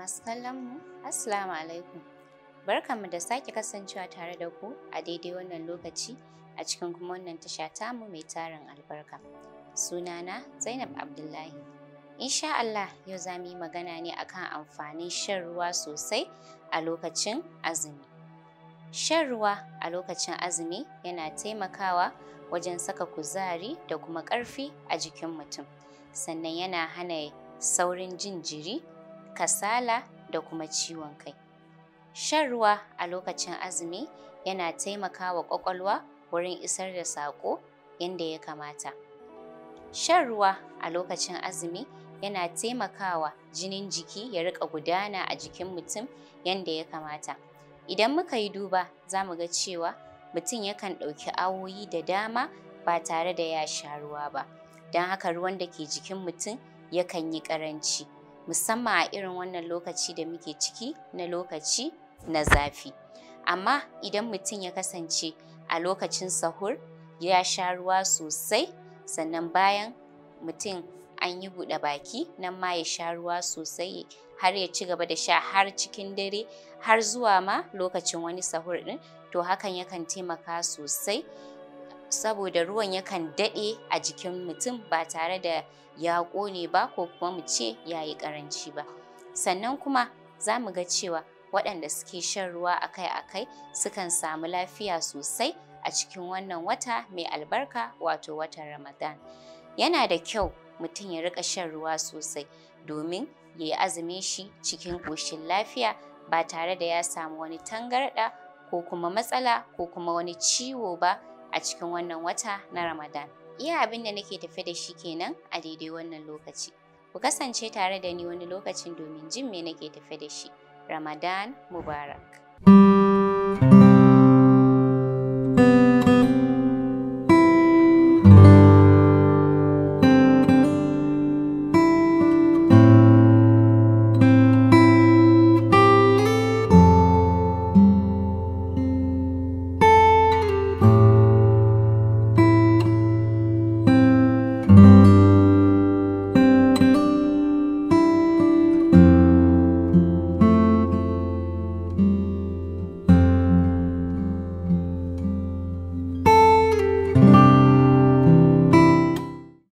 masu kallon mu assalamu alaikum barkanmu da sake kasancewa tare da ku a daidai wannan lokaci a cikin kuma wannan tasha mu mai tarin albarka sunana zainab abdullahi insha Allah yau za mu yi magana ne akan amfanin shan ruwa sosai a lokacin azumi shan ruwa a lokacin azumi yana taimakawa wajen saka kuzari da kuma ƙarfi a jikin mutum sannan yana hana saurin jin jiri kasala da kuma ciwon kai. Shan ruwa a lokacin azumi yana taimakawa ƙwaƙwalwa wurin isar da saƙo yadda ya kamata. Shan ruwa a lokacin azumi yana taimakawa jinin jiki ya riƙa gudana a jikin mutum yadda ya kamata. Idan muka yi duba za mu ga cewa mutum yakan ɗauki awoyi da dama ba tare da ya sha ruwa ba, don haka ruwan da ke jikin mutum yakan yi ƙaranci. musamman a irin wannan lokaci da muke ciki na lokaci na zafi amma idan mutum ya kasance a lokacin sahur ya sha ruwa sosai sannan bayan mutum an yi buɗe baki nan ma ya sha ruwa sosai har ya ci gaba da sha har cikin dare har zuwa ma lokacin wani sahur ɗin to hakan yakan taimaka sosai saboda ruwan yakan daɗe a jikin mutum ba tare da ya ƙone ba ko kuma mu ce ya yi ƙaranci ba sannan kuma za mu ga cewa waɗanda suke shan ruwa akai-akai sukan samu lafiya sosai a cikin wannan wata mai albarka wato watan Ramadan. Yana da kyau mutum ya riƙa shan ruwa sosai domin ya yi azumin shi cikin ƙoshin lafiya ba tare da ya samu wani tangarɗa ko kuma matsala ko kuma wani ciwo ba a cikin wannan wata na Ramadan. Iya abin da nake tafe da shi kenan a daidai wannan lokaci. Ku kasance tare da ni wani lokacin domin jin me nake tafe da shi. Ramadan Mubarak.